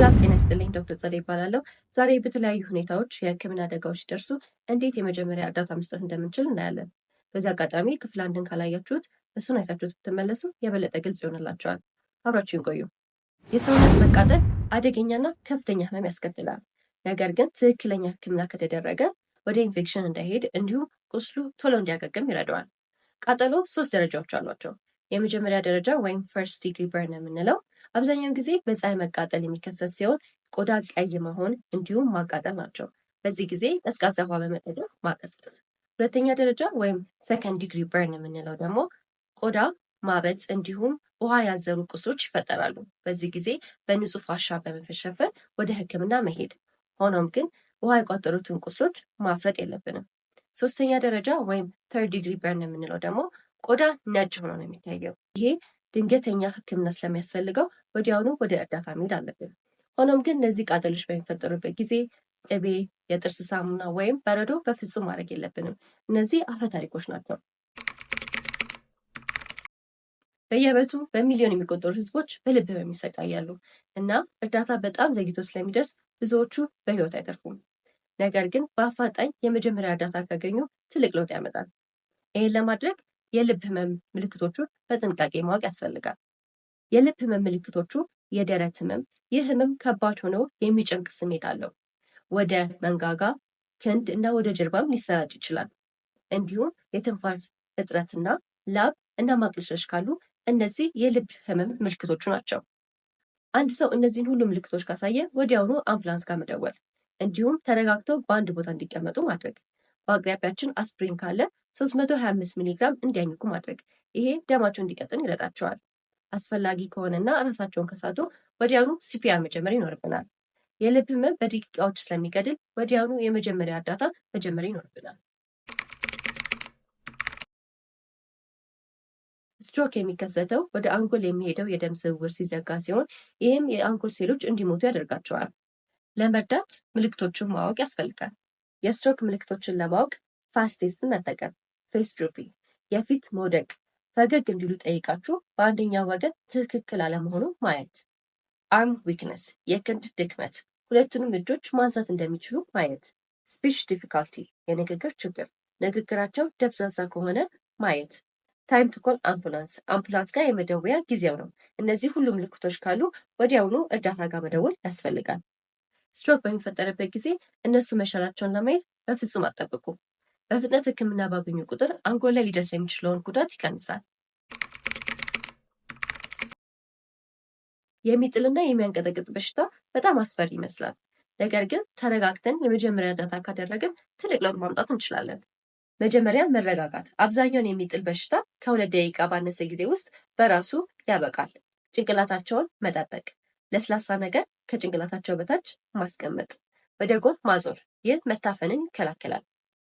ሰላም ጤና ይስጥልኝ። ዶክተር ጸደይ ይባላለሁ። ዛሬ በተለያዩ ሁኔታዎች የህክምና አደጋዎች ሲደርሱ እንዴት የመጀመሪያ እርዳታ መስጠት እንደምንችል እናያለን። በዚህ አጋጣሚ ክፍል አንድን ካላያችሁት እሱን አይታችሁት ብትመለሱ የበለጠ ግልጽ ይሆንላቸዋል። አብራችሁን ቆዩ። የሰውነት መቃጠል አደገኛና ከፍተኛ ህመም ያስከትላል። ነገር ግን ትክክለኛ ህክምና ከተደረገ ወደ ኢንፌክሽን እንዳይሄድ እንዲሁም ቁስሉ ቶሎ እንዲያገግም ይረዳዋል። ቃጠሎ ሶስት ደረጃዎች አሏቸው። የመጀመሪያ ደረጃ ወይም ፈርስት ዲግሪ በርን የምንለው አብዛኛውን ጊዜ በፀሐይ መቃጠል የሚከሰት ሲሆን ቆዳ ቀይ መሆን እንዲሁም ማቃጠል ናቸው። በዚህ ጊዜ ቀዝቃዛ ውሃ በመጠቀም ማቀዝቀዝ። ሁለተኛ ደረጃ ወይም ሰከንድ ዲግሪ በርን የምንለው ደግሞ ቆዳ ማበጥ እንዲሁም ውሃ ያዘሩ ቁስሎች ይፈጠራሉ። በዚህ ጊዜ በንጹህ ፋሻ በመፈሸፈን ወደ ሕክምና መሄድ። ሆኖም ግን ውሃ የቋጠሩትን ቁስሎች ማፍረጥ የለብንም። ሶስተኛ ደረጃ ወይም ተርድ ዲግሪ በርን የምንለው ደግሞ ቆዳ ነጭ ሆኖ ነው የሚታየው ይሄ ድንገተኛ ሕክምና ስለሚያስፈልገው ወዲያውኑ ወደ እርዳታ መሄድ አለብን። ሆኖም ግን እነዚህ ቃጠሎች በሚፈጠሩበት ጊዜ ቅቤ፣ የጥርስ ሳሙና ወይም በረዶ በፍጹም ማድረግ የለብንም። እነዚህ አፈ ታሪኮች ናቸው። በየዓመቱ በሚሊዮን የሚቆጠሩ ህዝቦች በልብ ህመም ይሰቃያሉ እና እርዳታ በጣም ዘግይቶ ስለሚደርስ ብዙዎቹ በህይወት አይተርፉም። ነገር ግን በአፋጣኝ የመጀመሪያ እርዳታ ካገኙ ትልቅ ለውጥ ያመጣል። ይህን ለማድረግ የልብ ህመም ምልክቶቹን በጥንቃቄ ማወቅ ያስፈልጋል። የልብ ህመም ምልክቶቹ የደረት ህመም፣ ይህ ህመም ከባድ ሆኖ የሚጨንቅ ስሜት አለው። ወደ መንጋጋ፣ ክንድ እና ወደ ጀርባም ሊሰራጭ ይችላል። እንዲሁም የትንፋሽ እጥረትና ላብ እና ማቅለሽለሽ ካሉ እነዚህ የልብ ህመም ምልክቶቹ ናቸው። አንድ ሰው እነዚህን ሁሉ ምልክቶች ካሳየ ወዲያውኑ አምቡላንስ ጋር መደወል እንዲሁም ተረጋግተው በአንድ ቦታ እንዲቀመጡ ማድረግ በአቅራቢያችን አስፕሪን ካለ 325 ሚሊግራም እንዲያኝኩ ማድረግ። ይሄ ደማቸው እንዲቀጥን ይረዳቸዋል። አስፈላጊ ከሆነና ራሳቸውን ከሳቱ ወዲያውኑ ሲፒአር መጀመር ይኖርብናል። የልብ ህመም በደቂቃዎች ስለሚገድል ወዲያውኑ የመጀመሪያ እርዳታ መጀመር ይኖርብናል። ስትሮክ የሚከሰተው ወደ አንጎል የሚሄደው የደም ዝውውር ሲዘጋ ሲሆን ይህም የአንጎል ሴሎች እንዲሞቱ ያደርጋቸዋል። ለመርዳት ምልክቶቹን ማወቅ ያስፈልጋል። የስትሮክ ምልክቶችን ለማወቅ ፋስት መጠቀም፣ ፌስ ድሮፒንግ፣ የፊት መውደቅ፣ ፈገግ እንዲሉ ጠይቃችሁ በአንደኛው ወገን ትክክል አለመሆኑ ማየት፣ አርም ዊክነስ፣ የክንድ ድክመት፣ ሁለቱንም እጆች ማንሳት እንደሚችሉ ማየት፣ ስፒች ዲፊካልቲ፣ የንግግር ችግር፣ ንግግራቸው ደብዛዛ ከሆነ ማየት፣ ታይም ቱ ኮል አምቡላንስ፣ አምቡላንስ ጋር የመደወያ ጊዜው ነው። እነዚህ ሁሉ ምልክቶች ካሉ ወዲያውኑ እርዳታ ጋር መደወል ያስፈልጋል። ስትሮክ በሚፈጠርበት ጊዜ እነሱ መሻላቸውን ለማየት በፍጹም አጠብቁ። በፍጥነት ሕክምና ባገኙ ቁጥር አንጎል ላይ ሊደርስ የሚችለውን ጉዳት ይቀንሳል። የሚጥልና የሚያንቀጠቅጥ በሽታ በጣም አስፈሪ ይመስላል። ነገር ግን ተረጋግተን የመጀመሪያ እርዳታ ካደረግን ትልቅ ለውጥ ማምጣት እንችላለን። መጀመሪያ መረጋጋት። አብዛኛውን የሚጥል በሽታ ከሁለት ደቂቃ ባነሰ ጊዜ ውስጥ በራሱ ያበቃል። ጭንቅላታቸውን መጠበቅ፣ ለስላሳ ነገር ከጭንቅላታቸው በታች ማስቀመጥ፣ ወደ ጎን ማዞር። ይህ መታፈንን ይከላከላል።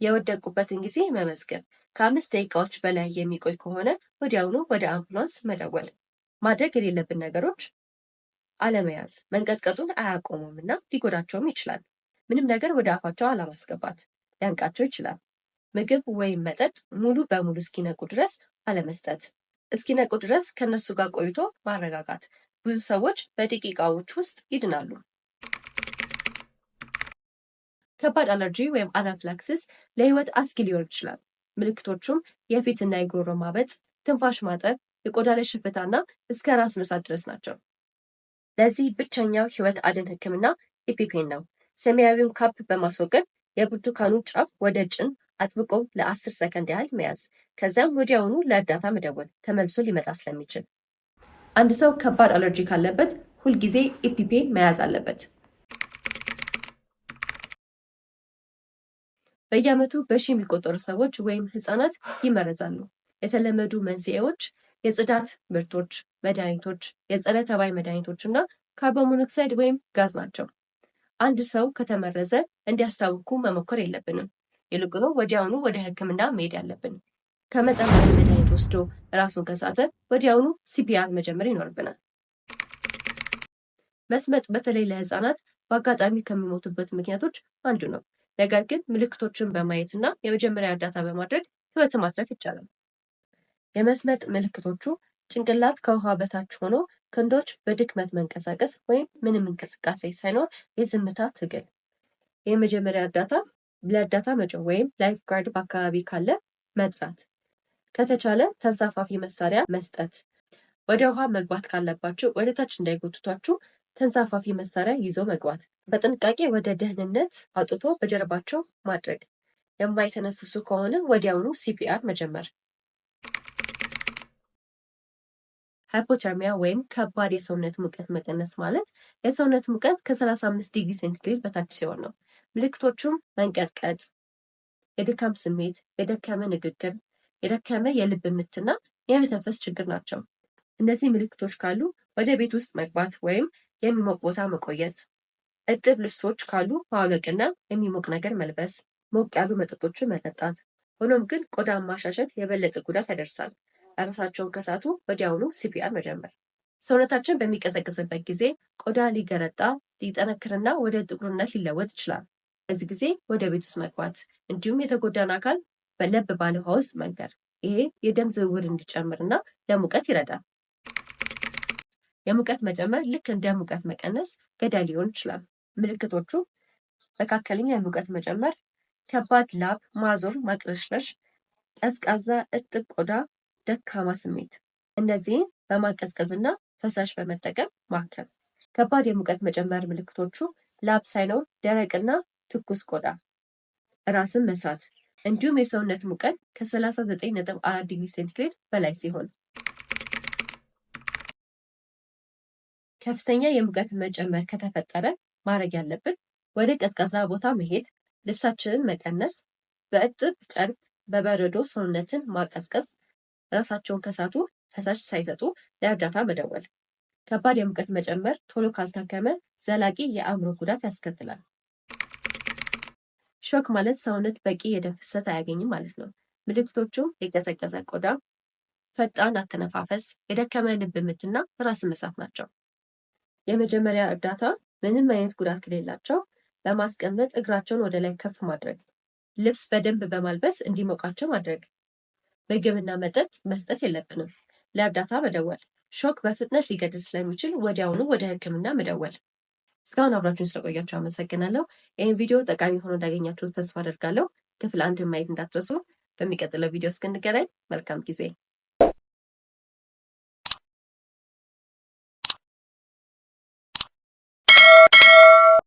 የወደቁበትን ጊዜ መመዝገብ፣ ከአምስት ደቂቃዎች በላይ የሚቆይ ከሆነ ወዲያውኑ ወደ አምቡላንስ መደወል። ማድረግ የሌለብን ነገሮች አለመያዝ፣ መንቀጥቀጡን አያቆሙም እና ሊጎዳቸውም ይችላል። ምንም ነገር ወደ አፋቸው አለማስገባት፣ ሊያንቃቸው ይችላል። ምግብ ወይም መጠጥ ሙሉ በሙሉ እስኪነቁ ድረስ አለመስጠት፣ እስኪነቁ ድረስ ከእነርሱ ጋር ቆይቶ ማረጋጋት ብዙ ሰዎች በደቂቃዎች ውስጥ ይድናሉ። ከባድ አለርጂ ወይም አናፍላክሲስ ለህይወት አስጊ ሊሆን ይችላል። ምልክቶቹም የፊትና የጉሮሮ ማበጥ፣ ትንፋሽ ማጠር፣ የቆዳ ላይ ሽፍታና እስከ ራስ ምታት ድረስ ናቸው። ለዚህ ብቸኛው ህይወት አድን ህክምና ኢፒፔን ነው። ሰማያዊውን ካፕ በማስወገድ የብርቱካኑ ጫፍ ወደ ጭን አጥብቆ ለአስር ሰከንድ ያህል መያዝ፣ ከዚያም ወዲያውኑ ለእርዳታ መደወል ተመልሶ ሊመጣ ስለሚችል አንድ ሰው ከባድ አለርጂ ካለበት ሁልጊዜ ኢፒፔን መያዝ አለበት። በየዓመቱ በሺ የሚቆጠሩ ሰዎች ወይም ህፃናት ይመረዛሉ። የተለመዱ መንስኤዎች የጽዳት ምርቶች፣ መድኃኒቶች፣ የጸረ ተባይ መድኃኒቶች እና ካርቦን ሞኖክሳይድ ወይም ጋዝ ናቸው። አንድ ሰው ከተመረዘ እንዲያስታውኩ መሞከር የለብንም። ይልቁኑ ወዲያውኑ ወደ ህክምና መሄድ ያለብን ከመጠን በላይ መድኃኒት ወስዶ ራሱን ከሳተ ወዲያውኑ ሲፒአር መጀመር ይኖርብናል። መስመጥ በተለይ ለህፃናት በአጋጣሚ ከሚሞቱበት ምክንያቶች አንዱ ነው። ነገር ግን ምልክቶችን በማየት እና የመጀመሪያ እርዳታ በማድረግ ህይወት ማትረፍ ይቻላል። የመስመጥ ምልክቶቹ ጭንቅላት ከውሃ በታች ሆኖ፣ ክንዶች በድክመት መንቀሳቀስ ወይም ምንም እንቅስቃሴ ሳይኖር የዝምታ ትግል፣ የመጀመሪያ እርዳታ ለእርዳታ መጮህ ወይም ላይፍ ጋርድ በአካባቢ ካለ መጥራት፣ ከተቻለ ተንሳፋፊ መሳሪያ መስጠት። ወደ ውሃ መግባት ካለባችሁ ወደ ታች እንዳይጎትቷችሁ ተንሳፋፊ መሳሪያ ይዞ መግባት። በጥንቃቄ ወደ ደህንነት አውጥቶ በጀርባቸው ማድረግ። የማይተነፍሱ ከሆነ ወዲያውኑ ሲፒአር መጀመር። ሃይፖተርሚያ ወይም ከባድ የሰውነት ሙቀት መቀነስ ማለት የሰውነት ሙቀት ከ35 ዲግሪ ሴንቲግሬድ በታች ሲሆን ነው። ምልክቶቹም መንቀጥቀጥ፣ የድካም ስሜት፣ የደከመ ንግግር፣ የደከመ የልብ ምትና የመተንፈስ ችግር ናቸው። እነዚህ ምልክቶች ካሉ ወደ ቤት ውስጥ መግባት ወይም የሚሞቅ ቦታ መቆየት፣ እጥብ ልብሶች ካሉ ማውለቅና የሚሞቅ ነገር መልበስ፣ ሞቅ ያሉ መጠጦችን መጠጣት። ሆኖም ግን ቆዳ ማሻሸት የበለጠ ጉዳት ያደርሳል። ራሳቸውን ከሳቱ ወዲያውኑ ሲፒአር መጀመር። ሰውነታችን በሚቀዘቅዝበት ጊዜ ቆዳ ሊገረጣ ሊጠነክርና ወደ ጥቁርነት ሊለወጥ ይችላል። በዚህ ጊዜ ወደ ቤት ውስጥ መግባት እንዲሁም የተጎዳን አካል በለብ ባለ ውሃ ውስጥ መንከር። ይሄ የደም ዝውውር እንዲጨምርና ለሙቀት ይረዳል። የሙቀት መጨመር ልክ እንደ ሙቀት መቀነስ ገዳይ ሊሆን ይችላል። ምልክቶቹ መካከለኛ የሙቀት መጨመር፣ ከባድ ላብ፣ ማዞር፣ ማቅለሽለሽ፣ ቀዝቃዛ እርጥብ ቆዳ፣ ደካማ ስሜት። እነዚህን በማቀዝቀዝና ፈሳሽ በመጠቀም ማከም። ከባድ የሙቀት መጨመር ምልክቶቹ ላብ ሳይኖር ደረቅና ትኩስ ቆዳ፣ ራስን መሳት፣ እንዲሁም የሰውነት ሙቀት ከ39.4 ዲግሪ ሴንቲግሬድ በላይ ሲሆን ከፍተኛ የሙቀት መጨመር ከተፈጠረ ማድረግ ያለብን ወደ ቀዝቃዛ ቦታ መሄድ፣ ልብሳችንን መቀነስ፣ በእጥብ ጨርቅ በበረዶ ሰውነትን ማቀዝቀዝ፣ ራሳቸውን ከሳቱ ፈሳሽ ሳይሰጡ ለእርዳታ መደወል። ከባድ የሙቀት መጨመር ቶሎ ካልታከመ ዘላቂ የአእምሮ ጉዳት ያስከትላል። ሾክ ማለት ሰውነት በቂ የደም ፍሰት አያገኝም ማለት ነው። ምልክቶቹም የቀዘቀዘ ቆዳ፣ ፈጣን አተነፋፈስ፣ የደከመ ልብ ምትና ራስ መሳት ናቸው። የመጀመሪያ እርዳታ ምንም አይነት ጉዳት ከሌላቸው በማስቀመጥ እግራቸውን ወደ ላይ ከፍ ማድረግ፣ ልብስ በደንብ በማልበስ እንዲሞቃቸው ማድረግ። ምግብና መጠጥ መስጠት የለብንም። ለእርዳታ መደወል ሾክ በፍጥነት ሊገድል ስለሚችል ወዲያውኑ ወደ ሕክምና መደወል እስካሁን አብራችሁን ስለቆያችሁ አመሰግናለሁ። ይህን ቪዲዮ ጠቃሚ ሆኖ እንዳገኛችሁ ተስፋ አደርጋለሁ። ክፍል አንድን ማየት እንዳትረሱ። በሚቀጥለው ቪዲዮ እስክንገናኝ መልካም ጊዜ